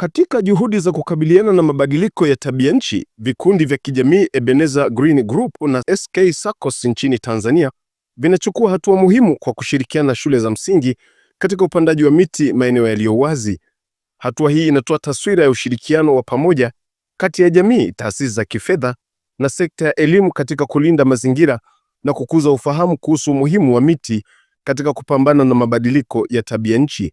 Katika juhudi za kukabiliana na mabadiliko ya tabia nchi, vikundi vya kijamii Ebeneza Green Group na SK SACCOS nchini Tanzania vinachukua hatua muhimu kwa kushirikiana na shule za msingi katika upandaji wa miti maeneo yaliyo wazi. Hatua hii inatoa taswira ya ushirikiano wa pamoja kati ya jamii, taasisi za kifedha na sekta ya elimu katika kulinda mazingira na kukuza ufahamu kuhusu umuhimu wa miti katika kupambana na mabadiliko ya tabia nchi.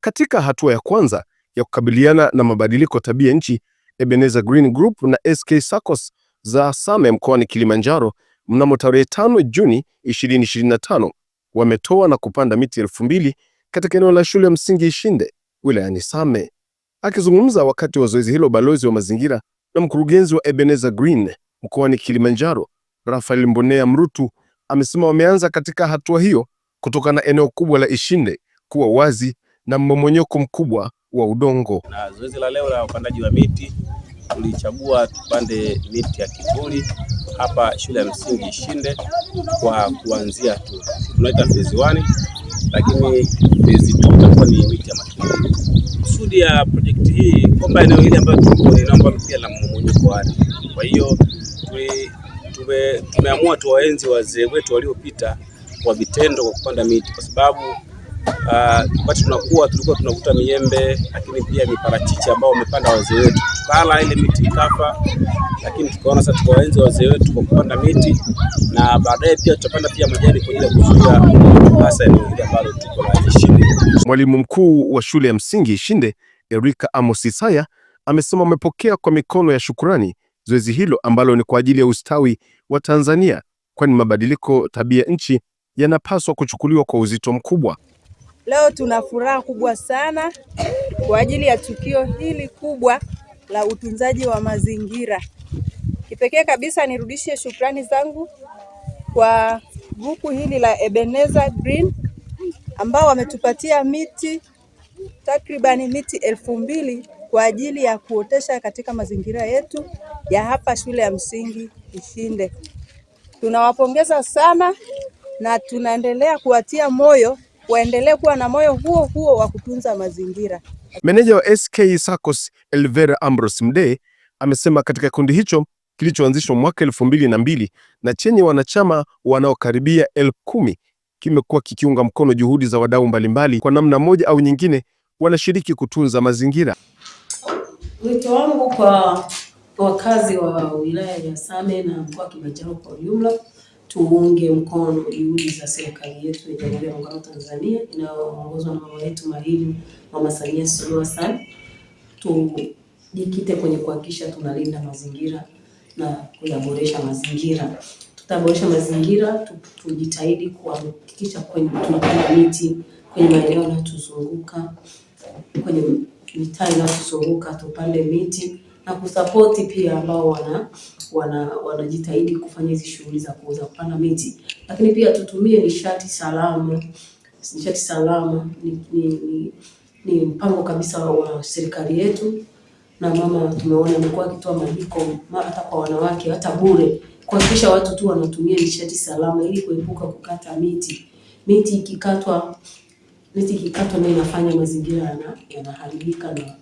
Katika hatua ya kwanza, ya kukabiliana na mabadiliko tabia nchi Ebeneza Green Group na SK SACCOS za Same mkoani Kilimanjaro mnamo tarehe 5 Juni 2025 wametoa na kupanda miti elfu mbili katika eneo la shule ya msingi Ishinde wilayani Same. Akizungumza wakati wa zoezi hilo, balozi wa mazingira na mkurugenzi wa Ebeneza Green mkoani Kilimanjaro Rafael Mbonea Mrutu amesema wameanza katika hatua hiyo kutokana na eneo kubwa la Ishinde kuwa wazi na mmomonyoko mkubwa wa udongo. Na zoezi la leo la upandaji wa miti tulichagua tupande miti ya kivuli hapa shule ya msingi Ishinde kwa kuanzia tu tunaita phase 1 lakini phase 2 itakuwa ni miti ya matunda. Kusudi ya project hii kwamba eneo hili ambalo tuko ni namba pia la mmomonyoko wa ardhi, kwa hiyo tumeamua tuwaenzi wazee wetu waliopita kwa vitendo kwa kupanda miti kwa sababu ambacho uh, tunakuwa tulikuwa tunavuta miembe, lakini pia miparachichi ambao wamepanda wazee wetu, tukala ile miti ikafa, lakini tukaona sasa tukawaenzi wazee wetu kwa kupanda miti, na baadaye pia tutapanda pia majani kwa ajili ya kuzuia hasa eneo hili ambalo tuko na Ishinde. Mwalimu mkuu wa shule ya msingi Ishinde Erika Amos Isaya amesema amepokea kwa mikono ya shukurani zoezi hilo ambalo ni kwa ajili ya ustawi wa Tanzania, kwani mabadiliko tabia nchi yanapaswa kuchukuliwa kwa uzito mkubwa. Leo tuna furaha kubwa sana kwa ajili ya tukio hili kubwa la utunzaji wa mazingira. Kipekee kabisa nirudishe shukrani zangu kwa grupu hili la Ebeneza Green ambao wametupatia miti takribani miti elfu mbili kwa ajili ya kuotesha katika mazingira yetu ya hapa shule ya msingi Ishinde. Tunawapongeza sana na tunaendelea kuwatia moyo waendelee kuwa na moyo huo huo wa kutunza mazingira. Meneja wa SK SACCOS Elvera Ambrose Mdee amesema katika kikundi hicho kilichoanzishwa mwaka elfu mbili na mbili na chenye wanachama wanaokaribia elfu kumi kimekuwa kikiunga mkono juhudi za wadau mbalimbali kwa namna moja au nyingine wanashiriki kutunza mazingira. Wito wangu kwa wakazi wa wilaya ya Same na mkoa wa Kilimanjaro kwa ujumla tuunge mkono juhudi za serikali yetu ya Jamhuri ya Muungano wa Tanzania inayoongozwa na mama yetu mahiri Mama Samia Suluhu Hassan. Tujikite kwenye kuhakikisha tunalinda mazingira na kuyaboresha mazingira. Tutaboresha mazingira, tujitahidi kuhakikisha kwenye tunapanda miti kwenye maeneo yanayotuzunguka, kwenye mitaa inayotuzunguka tupande miti na kusapoti pia ambao wana wanajitahidi wana kufanya hizi shughuli za kuuza kupanda miti, lakini pia tutumie nishati salama. Nishati salama ni, ni, ni, ni mpango kabisa wa serikali yetu, na mama tumeona amekuwa akitoa majiko hata kwa wanawake hata bure, kuhakikisha watu tu wanatumia nishati salama ili kuepuka kukata miti. Miti ikikatwa miti ikikatwa ndio inafanya mazingira yanaharibika na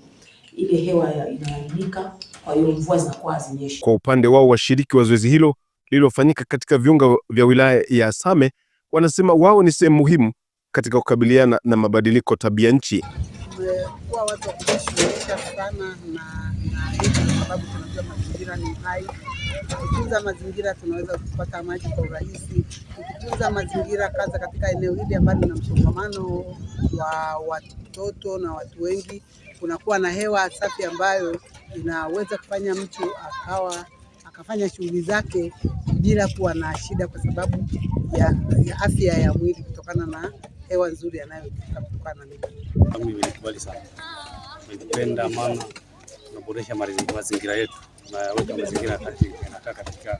ile hewa inalainika, kwa hiyo mvua zinakuwa hazinyeshi. Kwa upande wao washiriki wa zoezi hilo lililofanyika katika viunga vya wilaya ya Same wanasema wao ni sehemu muhimu katika kukabiliana na mabadiliko tabia nchi tumekuwa watu wa kujishughulisha sana na hivi, kwa sababu tunajua mazingira ni hai. Tukitunza mazingira, tunaweza kupata maji kwa urahisi. Tukitunza mazingira, kaza katika eneo hili ambalo na msongamano wa watoto na watu wengi, kunakuwa na hewa safi ambayo inaweza kufanya mtu akawa akafanya shughuli zake bila kuwa na shida kwa sababu ya, ya afya ya mwili kutokana na hewa nzuri anayopita kutokana na mimi. Nimekubali sana, nimependa maana tunaboresha mazingira yetu, tunaweka mazingira yanakaa katika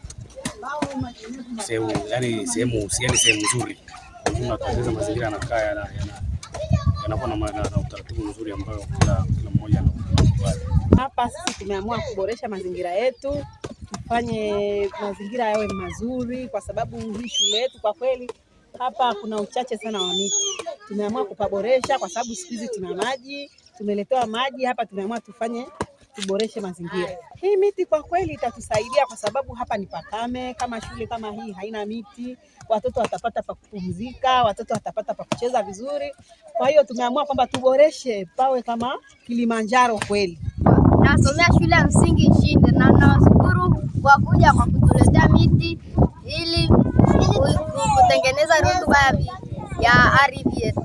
sehemu yani sehemu sehemu nzuri, tunatengeneza mazingira yanakaa yanakuwa na utaratibu mzuri ambayo kila mmoja Hapa sisi tumeamua kuboresha mazingira yetu, tufanye mazingira yawe mazuri, kwa sababu hii shule yetu kwa kweli hapa kuna uchache sana wa miti. Tumeamua kupaboresha kwa sababu siku hizi tuna maji, tumeletewa maji hapa, tumeamua tufanye tuboreshe mazingira. Hii miti kwa kweli itatusaidia kwa sababu hapa ni pakame. Kama shule kama hii haina miti, watoto watapata pa kupumzika, watoto watapata pa kucheza vizuri. Kwa hiyo tumeamua kwamba tuboreshe pawe kama Kilimanjaro kweli. Nasomea shule ya msingi Nshinde na nawashukuru kwa kuja kwa kutuletea miti ili kutengeneza rutuba ya ardhi yetu.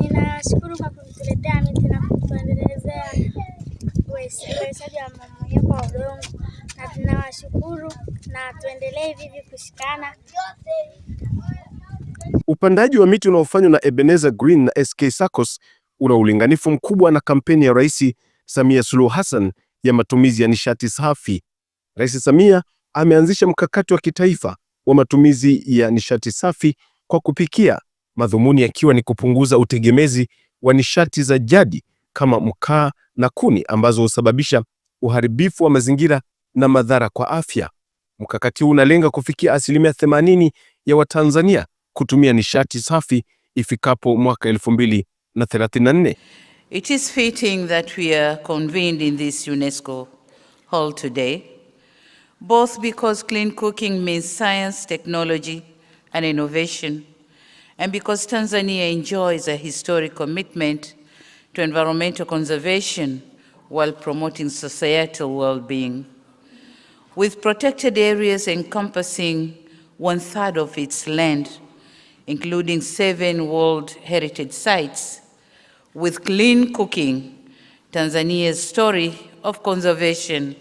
Ninashukuru kwa miti na uwezeshaji wa mmomonyoko wa udongo, na tunawashukuru na tuendelee hivi hivi kushikana. Upandaji wa miti unaofanywa na Ebenezer Green na SK Saccos una ulinganifu mkubwa na kampeni ya Rais Samia Suluhu Hassan ya matumizi ya nishati safi. Rais Samia ameanzisha mkakati wa kitaifa wa matumizi ya nishati safi kwa kupikia, madhumuni yakiwa ni kupunguza utegemezi wa nishati za jadi kama mkaa na kuni ambazo husababisha uharibifu wa mazingira na madhara kwa afya. Mkakati huu unalenga kufikia asilimia 80 ya Watanzania kutumia nishati safi ifikapo mwaka 2034. It is fitting that we are convened in this UNESCO hall today both because clean cooking means science, technology, and innovation, and because Tanzania enjoys a historic commitment to environmental conservation while promoting societal well-being. With protected areas encompassing one-third of its land, including seven World Heritage Sites, with clean cooking, Tanzania's story of conservation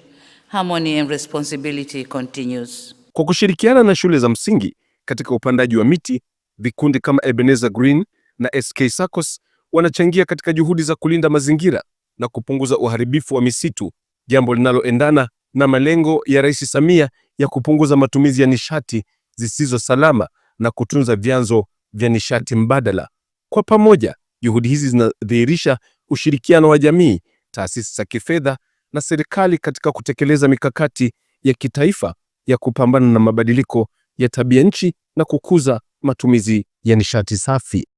Harmony and responsibility continues. Kwa kushirikiana na shule za msingi katika upandaji wa miti, vikundi kama Ebenezer Green na SK Saccos wanachangia katika juhudi za kulinda mazingira na kupunguza uharibifu wa misitu, jambo linaloendana na malengo ya Rais Samia ya kupunguza matumizi ya nishati zisizo salama na kutunza vyanzo vya nishati mbadala. Kwa pamoja, juhudi hizi zinadhihirisha ushirikiano wa jamii, taasisi za kifedha na serikali katika kutekeleza mikakati ya kitaifa ya kupambana na mabadiliko ya tabia nchi na kukuza matumizi ya nishati safi.